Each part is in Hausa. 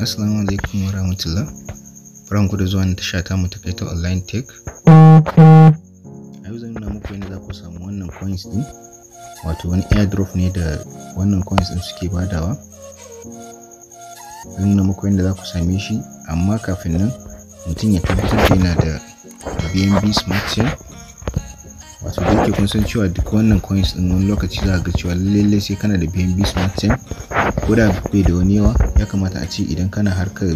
Assalamu alaikum wa rahmatullah. Faran ku da zuwa na tasha ta mutu kai ta online tech. A yau zan nuna muku yadda za ku samu wannan coins din. Wato wani airdrop ne da wannan coins din suke badawa. Zan nuna muku yadda za ku same shi amma kafin nan mutum ya tabbatar da yana da BNB Smart Chain. Wato da yake kun san cewa duk wannan coins din wani lokaci za ga cewa lallai sai kana da BNB Smart Chain ko da bai da wani yawa ya kamata a ce idan kana harkar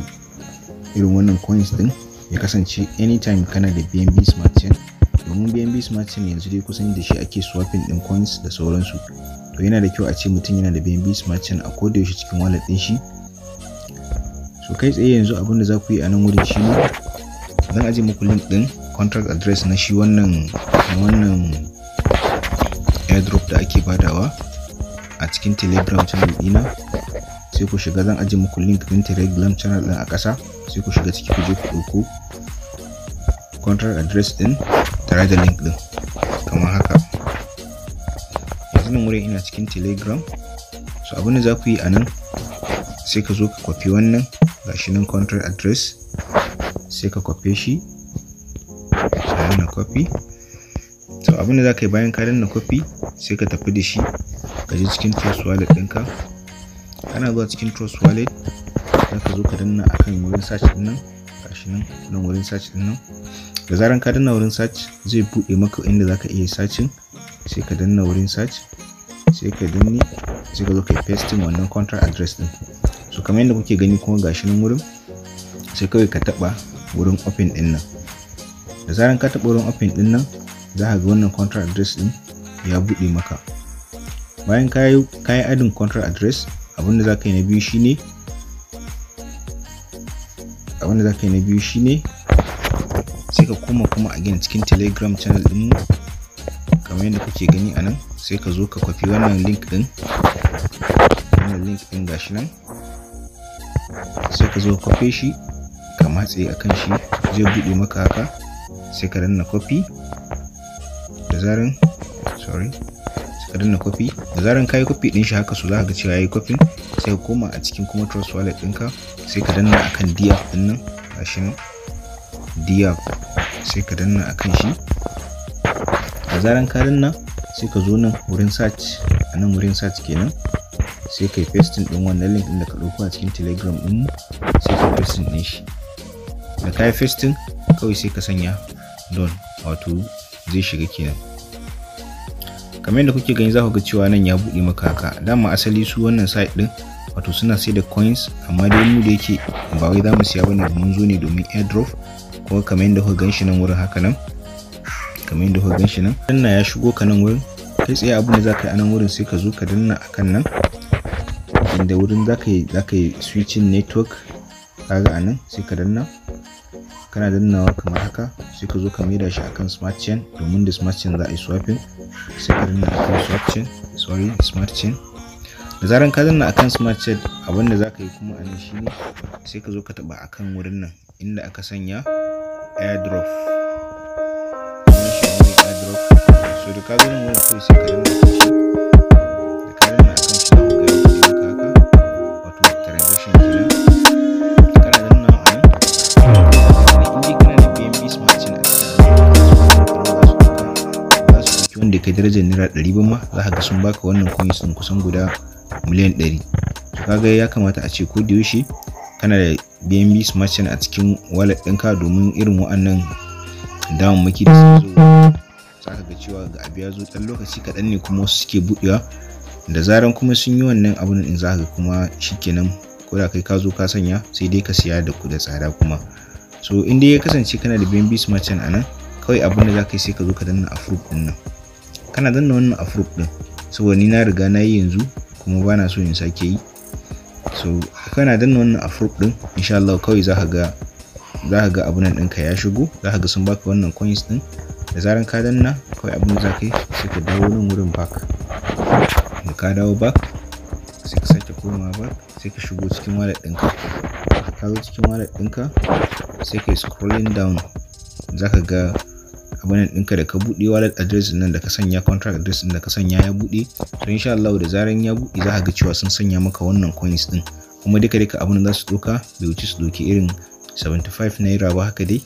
irin wannan coins din ya kasance anytime kana da bnb smart chain domin bnb smart chain yanzu dai kusan da shi ake swapping din coins da sauransu to yana da kyau a ce mutum yana da bnb smart chain a koda yaushe cikin wallet din shi so kai tsaye yanzu abin da za ku yi a nan wurin shi ne zan aje muku link din contract address na shi wannan wannan airdrop da ake badawa a cikin telegram channel dina sai ku shiga zan ajiye muku link din telegram channel din a ƙasa sai ku shiga ciki ku je ku dauko contract address din tare da link din kamar haka yanzu nan wurin ina cikin telegram so abin da za ku yi a nan sai ka zo ka kwafi wannan gashi nan contract address sai ka kwafi shi sai na kwafi so abin da za ka yi bayan ka danna kwafi sai ka tafi da shi ka je cikin test da ɗinka kana zuwa cikin trust wallet za ka zo ka danna akan wurin search din nan gashi nan nan wurin search din nan da zaran ka danna wurin search zai buɗe maka inda za ka iya searching sai ka danna wurin search sai ka danne sai ka zo ka pasting wannan contract address din so kamar yadda kuke gani kuma gashi nan wurin sai kawai ka taba wurin open din nan da zaran ka taba wurin open din nan za ka ga wannan contract address din ya buɗe maka bayan ka yi adin contract address abinda za ka yi na biyu ne abinda za ka yi na biyu shine sai ka koma kuma a gina cikin telegram channel din mu kamar yadda kuke gani a nan sai ka zo ka kwafi wannan link din wannan link din gashi nan sai ka zo ka kwafi shi ka matse a kan shi zai buɗe maka haka sai ka danna kwafi da zarin sorry ka danna kofi da zaran ka yi din shi haka so za ka ga cewa yayi sai ka koma a cikin kuma trust wallet ɗinka sai ka danna akan dia din nan gashi nan dia sai ka danna akan shi da zaran ka danna sai ka zo nan wurin search a nan wurin search kenan sai kai pasting din wannan link din da ka dauko a cikin telegram din sai ka pasting din shi da kai pasting kawai sai ka sanya don wato zai shiga kenan kamar yadda kuke gani za ku ga cewa nan ya buɗe maka haka dama asali su wannan site din wato suna sai da coins amma dai mu da yake ba wai za mu siya bane mun zo ne domin airdrop ko kamar yadda kuka ganshi shi nan wurin haka nan kamar yadda kuka ganshi shi nan danna ya shigo ka nan wurin kai tsaye abin da za ka yi a nan wurin sai ka zo ka danna a kan nan inda wurin za ka yi za ka yi switching network kaga a nan sai ka danna kana dannawa kamar haka sai ka zo ka maida shi akan smart chain domin da smart chain za a yi swapping sai ka akan swap chain sorry smart chain da zaran ka zanna akan smart chain abin da zaka yi kuma a nan shine sai ka zo ka taba akan wurin nan inda aka sanya airdrop airdrop so da ka zanna wurin sai ka danna shi kai darajar naira ɗari ba ma za ka ga sun baka wannan coins sun kusan guda miliyan ɗari to kaga ya kamata a ce ko da yaushe kana da bnb smart chain a cikin wallet ɗinka domin irin wa'annan damammaki da suka za ka ga cewa ga abu ya zo ɗan lokaci kaɗan ne kuma wasu suke buɗewa da zaran kuma sun yi wannan abun in za ka kuma shikenan ko da kai ka zo ka sanya sai dai ka siya da ku da tsada kuma so in dai ya kasance kana da bnb smart chain a nan kawai abin da za ka sai ka zo ka danna approve ɗin nan kana danna wannan approve din saboda ni na riga na yi yanzu kuma ba na so in sake yi so kana danna wannan approve din insha Allah kawai za ka ga za ka ga abunan ɗinka ya shigo za ka ga sun baka wannan coins din da zaran ka danna kawai abin za ka yi sai ka dawo nan wurin back da ka dawo back sai ka sake komawa back sai ka shigo cikin wallet ɗinka ka zo cikin wallet ɗinka sai ka yi scrolling down za ka ga abin ɗinka da ka buɗe wallet address nan da ka sanya contract address din da ka sanya ya buɗe to insha Allah da zaran ya buɗe za ka ga cewa sun sanya maka wannan coins din kuma duka duka abin da za su doka bai wuce su ɗauki irin 75 naira ba haka dai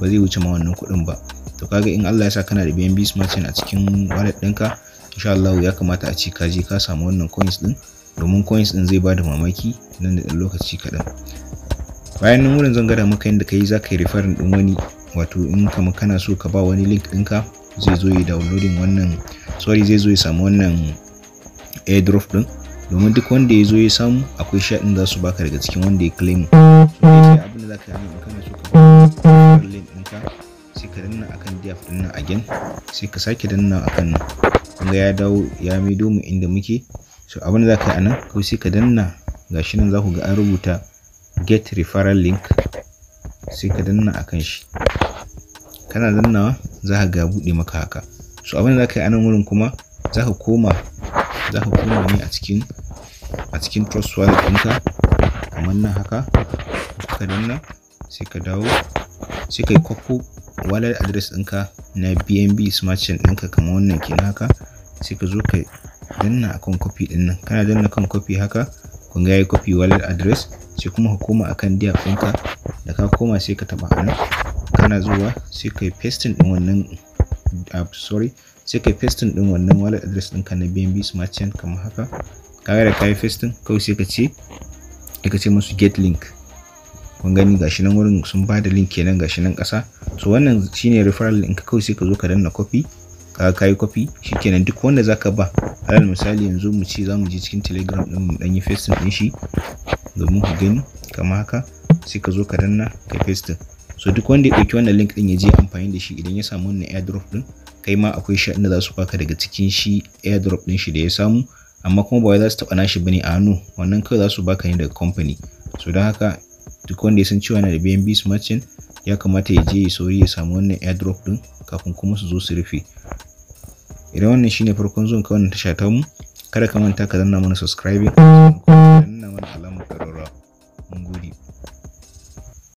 ba zai wuce ma wannan kuɗin ba to kaga in Allah ya sa kana da BNB Smart Chain a cikin wallet ɗinka insha Allah ya kamata a ce ka je ka samu wannan coins din domin coins din zai bada mamaki nan da ɗan lokaci kaɗan bayan nan wurin zan gada maka yadda ka yi za ka yi referring ɗin wani wato in kama kana so ka ba wani link ɗinka zai zo ya downloading wannan sorry zai zo ya samu wannan airdrop ɗin domin duk wanda ya zo ya samu akwai sha ɗin za su baka daga cikin wanda ya claim so sai abin da za ka yi in kana so ka ba link ɗinka sai ka danna akan diaf ɗin nan again sai ka sake danna akan nan ya dawo ya maido mu inda muke so abin da za ka yi a nan kawai sai ka danna gashi nan za ku ga an rubuta get referral link sai ka danna akan shi kana zannawa za ka ga buɗe maka haka so abin da za ka yi a nan wurin kuma za ka koma za ka koma ne a cikin a cikin trust wallet ɗinka kamar nan haka ka danna sai ka dawo sai ka kwakko wallet address ɗinka na bnb smart chain ɗinka kamar wannan kina haka sai ka zo ka danna akan copy ɗin nan kana danna kan copy haka kun ga yayi copy wallet address sai kuma ka koma akan dia ɗinka da ka koma sai ka taɓa a nan kana zuwa sai kai pasting din wannan ah, sorry sai kai pasting din wannan wallet address ka na BNB Smart Chain kamar haka kaga da kai pasting kawai sai ka ce ka ce musu get link kun gani gashi nan wurin sun ba da link kenan gashi nan ƙasa so wannan shine referral link kawai sai ka zo ka danna copy ka kai copy shikenan duk wanda zaka ba alal misali yanzu mu ce zamu je cikin telegram din mu dan yi pasting din shi domin ku gani kamar haka sai ka zo ka danna ka pasting so duk wanda ya ɗauki wannan link ɗin ya je amfani da shi idan ya samu wannan airdrop ɗin kai ma akwai sha inda za su baka daga cikin shi airdrop din shi da ya samu amma kuma ba wai za su taɓa nashi bane a hannu wannan kawai za su baka ne daga company so don haka duk wanda ya san cewa na da BNB Smart Chain ya kamata ya je ya sauri ya samu wannan airdrop ɗin kafin kuma su zo su rufe idan wannan shine farkon zuwan ka wannan tasha ta mu kada ka manta ka danna mana subscribing ka danna mana alamar